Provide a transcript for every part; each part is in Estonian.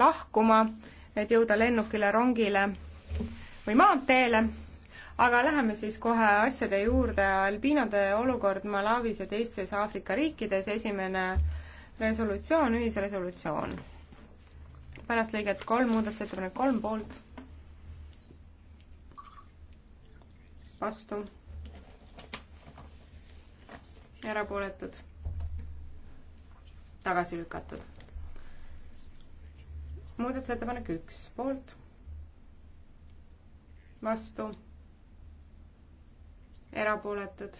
lahkuma, et jõuda lennukile, rongile või maanteele. aga läheme siis kohe asjade juurde. albiinode olukord Malawis ja teistes Aafrika riikides. esimene resolutsioon, ühisresolutsioon. pärast lõiget kolm, muudatusettepanek kolm poolt. vastu. erapooletud. tagasi lükatud muudatusettepanek üks, poolt, vastu, erapooletud,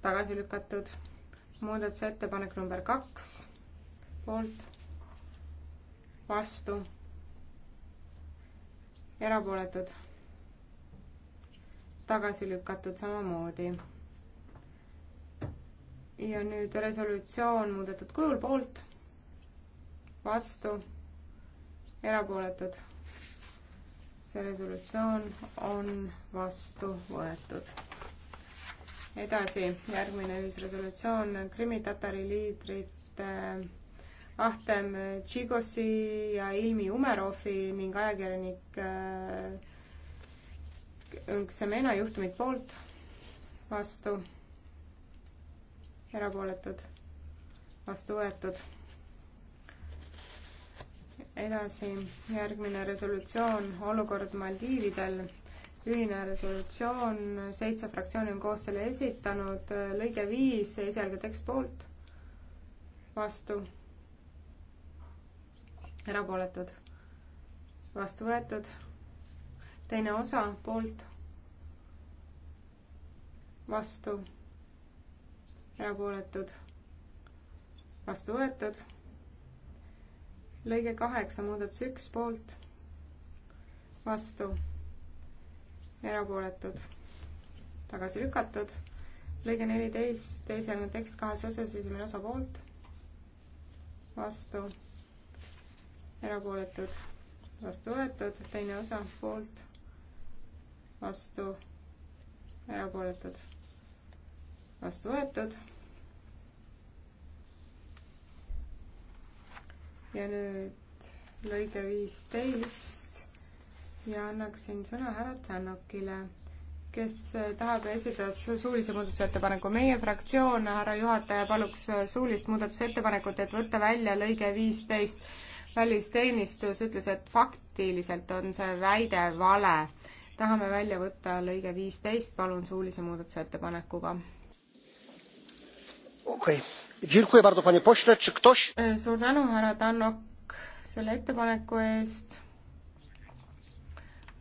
tagasi lükatud. muudatusettepanek number kaks, poolt, vastu, erapooletud, tagasi lükatud samamoodi. ja nüüd resolutsioon muudetud kujul poolt, vastu erapooletud. see resolutsioon on vastu võetud. edasi, järgmine ühisresolutsioon Krimmi-Tatari liidrite eh, Ahtem Tšigosi ja Ilmi Umerovi ning ajakirjanik Ksemena eh, juhtumid poolt, vastu, erapooletud, vastu võetud edasi, järgmine resolutsioon, olukord Maldiividel. ühine resolutsioon, seitse fraktsiooni on koos selle esitanud, lõige viis, esialgne tekst poolt, vastu, erapooletud, vastu võetud, teine osa poolt, vastu, erapooletud, vastu võetud lõige kaheksa, muudatus üks poolt, vastu, erapooletud, tagasi lükatud. lõige neliteist, teisel on tekst kahes osas, esimene osa poolt, vastu, erapooletud, vastu võetud, teine osa poolt, vastu, erapooletud, vastu võetud ja nüüd lõige viisteist ja annaksin sõna härra Tšannokile, kes äh, tahab esitada suulise muudatusettepaneku. meie fraktsioon, härra juhataja, paluks äh, suulist muudatusettepanekut, et võtta välja lõige viisteist. välisteenistus ütles, et faktiliselt on see väide vale. tahame välja võtta lõige viisteist, palun suulise muudatusettepanekuga E, suur tänu, härra Tannok, selle ettepaneku eest.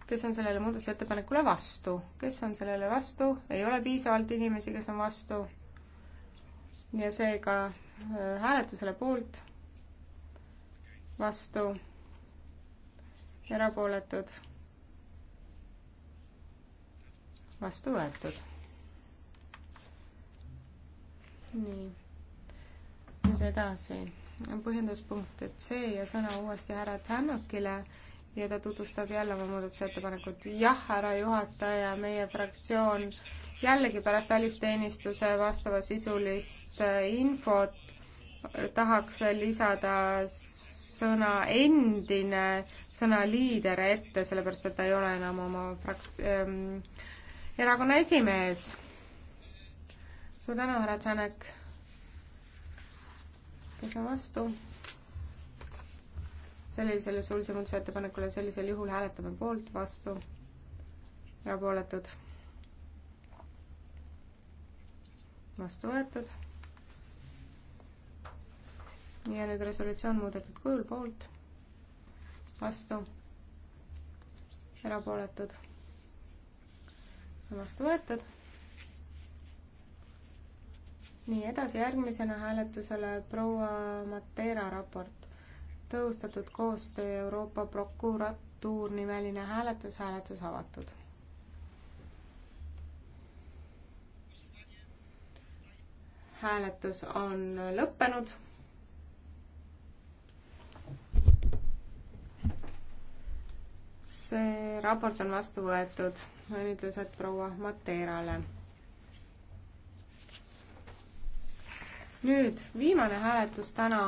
kes on sellele muudatusettepanekule vastu, kes on sellele vastu, ei ole piisavalt inimesi, kes on vastu. ja seega e, hääletusele poolt, vastu, erapooletud, vastu võetud nii, nüüd edasi. põhjenduspunktid C ja sõna uuesti härra Tänakile ja ta tutvustab jälle oma muudatusettepanekut. jah, härra juhataja, meie fraktsioon jällegi pärast välisteenistuse vastavasisulist äh, infot tahaks lisada sõna endine, sõna liider ette, sellepärast et ta ei ole enam oma frak-, ähm, erakonna esimees suur tänu, härra Tšanek. kes on vastu? sellisele suulise muudatusettepanekule sellisel juhul hääletame poolt, vastu, erapooletud. vastu võetud. ja nüüd resolutsioon muudetud kujul poolt, vastu, erapooletud. see on vastu võetud nii, edasi järgmisena hääletusele proua Matera raport. tõhustatud koostöö Euroopa prokuratuur nimeline hääletus, hääletus avatud. hääletus on lõppenud see raport on vastu võetud. õnnitlused proua Mateerale nüüd viimane hääletus täna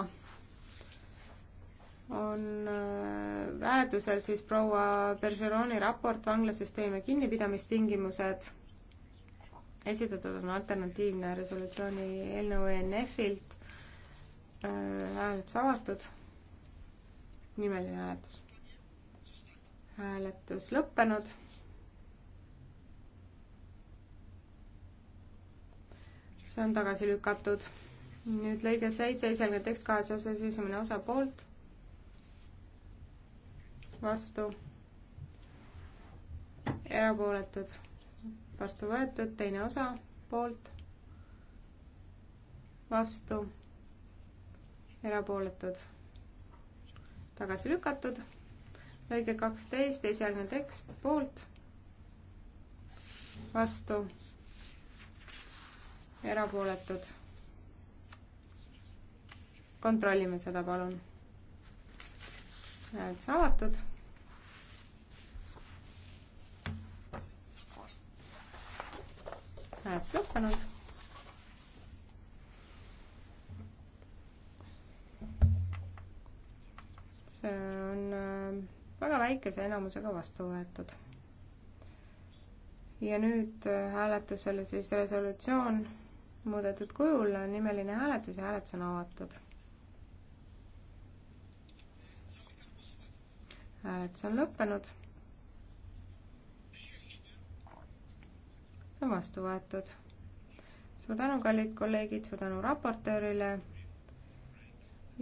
on äh, hääletusel siis proua Bergeroni raport vanglasüsteemi kinnipidamistingimused. esitatud on alternatiivne resolutsiooni eelnõu ENF-ilt. Äh, hääletus avatud. nimeline hääletus. hääletus lõppenud. see on tagasi lükatud nüüd lõige seitse, esialgne tekst kahes osas, esimene osa poolt, vastu, erapooletud, vastu võetud, teine osa poolt, vastu, erapooletud, tagasi lükatud, lõige kaksteist, esialgne tekst poolt, vastu, erapooletud kontrollime seda, palun. hääletus avatud. hääletus lõppenud. see on äh, väga väikese enamusega vastu võetud. ja nüüd äh, hääletusele siis resolutsioon muudetud kujul, nimeline hääletus ja hääletus on avatud hääletus on lõppenud. see on vastu võetud. suur tänu, kallid kolleegid, suur tänu raportöörile.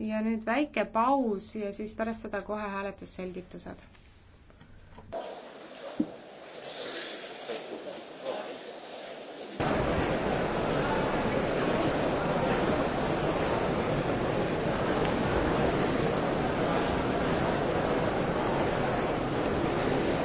ja nüüd väike paus ja siis pärast seda kohe hääletusselgitused